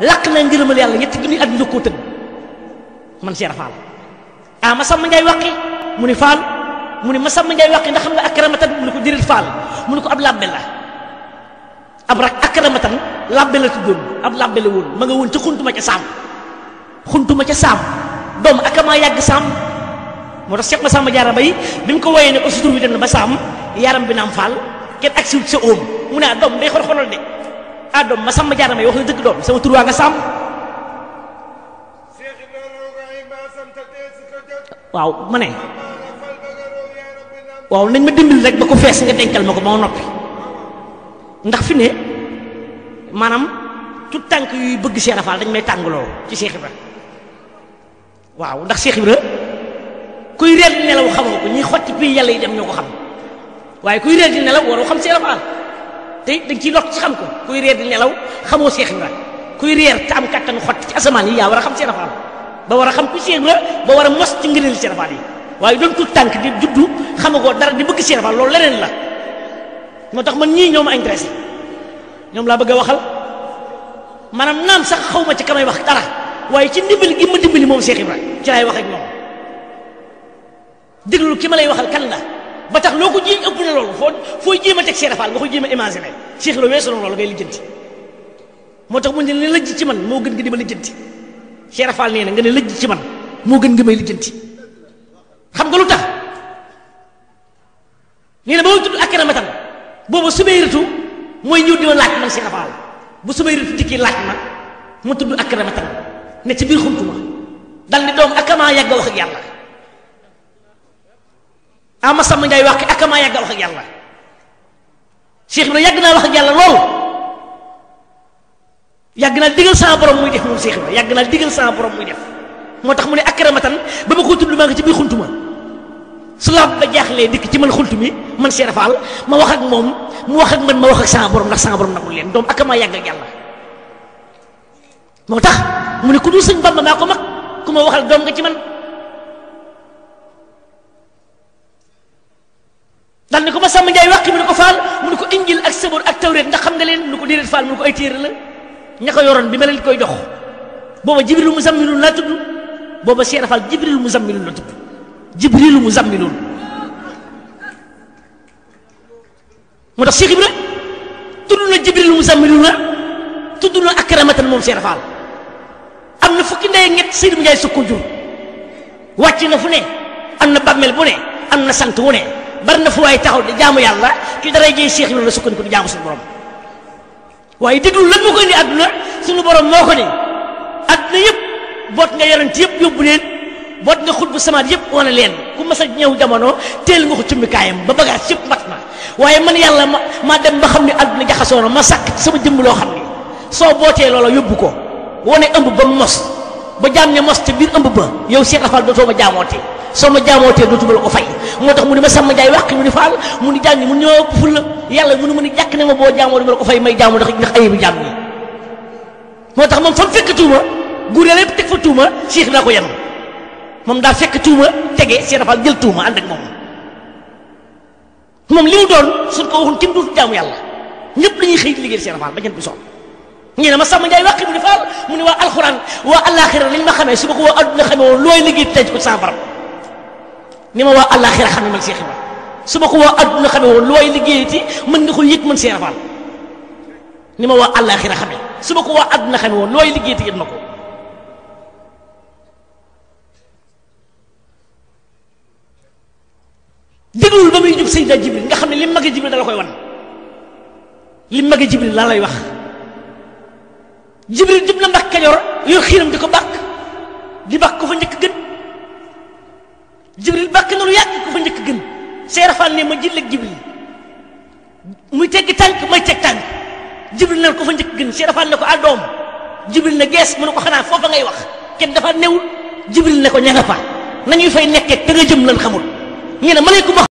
làq naa ngërëmal yàlla ñetti junni at la koo tëdd man seera faal ah ma sàmm ngay waqi mu ni faal mu ni ma sàmm ngay waqi ndax xam nga akramatan mu ni ko diril faal mu ni ko ab làbbe la ab rak akramatan làbbe la tuddoon ab làbbe la woon ma nga woon ca xuntuma ca saam xuntuma ca saam doom akamaa yàgg saam moo tax Cheikh Massamba Diarra Mbaye bi mu ko woyee ne ko sutur bi dem na ba saam yaram bi naam faal kenn agsiwut sa óom mu ne ah, doom day ah doom ma sàmm a may wax na dëgg doom sama tur waa nga sàmm waaw ma ne waaw nañ ma dimbali rek ba ko fees nga dencal ma ko ba ma noppi ndax fi ne maanaam tout tànk yuy bëgg Cheikh Rafal dañ may tàngaloo ci Cheikh Ibra waaw ndax Cheikh Ibra kuy réer di nelaw xamoo ko ñuy xotti pi yàlla yi dem ñoo ko xam waaye kuy réer di nelaw waroo xam Cheikh te dañ ci lot ci xam ko kuy reer di nelaw xamoo Seex Ibra kuy reer te am kattanu xott ci asamaan yi yaa war a xam Seex Ibra ba war a xam ku Seex Ibra ba war a mos ci ngëneel Seex Ibra yi waaye doon ko tànk di juddu xamagoo dara di bëgg Seex Ibra loolu leneen la moo tax man ñii ñoo ma intéressé ñoom laa bëgg a waxal maanaam naam sax xaw ma ci kamay wax dara waaye ci ndimbali gi ma dimbali moom Seex Ibra ci laay wax ak moom déglu ki ma lay waxal kan la. ba tax loo ko jiiñ ëpp na loolu foo fooy jéem a teg Cheikh nga ko jéem a imaginer Cheikh la weesu loolu ngay lijjanti moo tax mu ne la lëjj ci man moo gën nga di ma lijjanti Cheikh Fall nee na nga ne ci man moo gën nga may lijjanti xam nga lu tax nee na ba ma tudd Akramatan booba Sumayratu mooy ñëw di ma laaj man Cheikh Fall bu Sumayratu dikki laaj ma ma tudd Akramatan ne ci biir xuntu ma dal ni doom akamaa yàgg a wax ak yàlla ma sàmm njaay wax ak amaa yàgg a wax ak yàlla Cheikh Ibra yàgg naa wax ak yàlla lool yàgg naa digal sama borom muy def moom Cheikh Ibra yàgg naa digal sama borom muy moo tax mu ne akramatan ba ma ko tudd maa ngi ci biir xuntu ma su laab ba jaaxlee dikk ci man xuntu mi man Cheikh Fall ma wax ak moom mu wax ak man ma wax ak sama borom ndax sama borom nagul leen doom ak yàgg ak yàlla moo tax mu ne ku dul sëñ Bamba maa ko mag ku ma waxal doom nga ci man. Samba Ndiaye wàqi mu ne ko faal mu ne ko injil ak sabor ak tawreet ndax xam nga leen mu ne ko déedéet faal mu ne ko ay téere la ña ko yoroon bi ma leen koy jox booba jibrilu muzammilun laa tudd booba Cheikh Fall jibrilu muzammilun la tudd jibrilu muzammilun moo tax Cheikh Ibra tudd na jibrilu muzammilun la tudd na moom Cheikh Fall am na fukki ndey ñett Seydou Ndiaye sukko jur wàcc na fu ne am na bàmmeel bu ne am na sant wu ne bari na fu waay taxaw di jaamu yàlla kii daray jiy Cheikh Ibrahima la sukkandiku di jaamu suñu borom waaye déglu lan moo ko indi àdduna suñu borom moo ko ne àdduna yëpp boot nga yonent yëpp yóbbu leen boot nga xut bu samaat yëpp wane leen ku mas a ñëw jamono teel nga ko cumbikaayam ba bagage yëpp mat na waaye man yàlla ma ma dem ba xam ni àdduna jaxasoo na ma sàkk sama jëmm loo xam ne soo bootee loola yóbbu ko wane ëmb ba mos ba jaam ne mos te biir ëmb ba yow Cheikh Afal dootoo ma jaamootee sama jamo te dootuma la ko fay motax tax mu ni ma sàmm jaay wàq mu ni faal mu ni jàng mu ñëw ful yalla yàlla mu jak ne ma bo jamo dama ko fay may jamo ndax ndax ayibu jam ni motax mom fam fek tuuma gure lepp tek fa tuuma cheikh nako yam mom da fek tuuma tege cheikh dafa jël tuuma and ak mom mom li doon su ko waxoon tim dootu jamo yalla ñepp dañuy xey xëy di liggéey si dafa ba ñen bi soom ma sama jay wax mu ni faal mu ni waa alxuraan waa ma xame su ko aduna xame xamee woon liggéey ko sa borom نما وا waa àllaaxira xamee man Cheikh Ibrahima su ma ko waa adduna xamee woon lu way liggéeyati mën na ko yëg man Cheikh Ibrahima ni ma waa àllaaxira xamee su ma ko waa adduna xamee woon lu way liggéeyati yëg na Jibril nga xam Jibril koy wan lim magi Jibril la lay wax Jibril jibna na yo xiram diko bak di bak ko fa njëkk gën jibril bàkk na lu yàgg ku fa njëkk gën seerafal ne ma jilleeg jibril muy teggi tànk may teg tànk jibril na ko fa njëkk gën seerafal ne ko àddoom ah, jibril na gees mu ne ko xanaa foofa ngay wax kenn dafa newul jibril ne ko ña nga fa nañuy fay nekkee te nga jëm lan xamul ñu ne malayku ma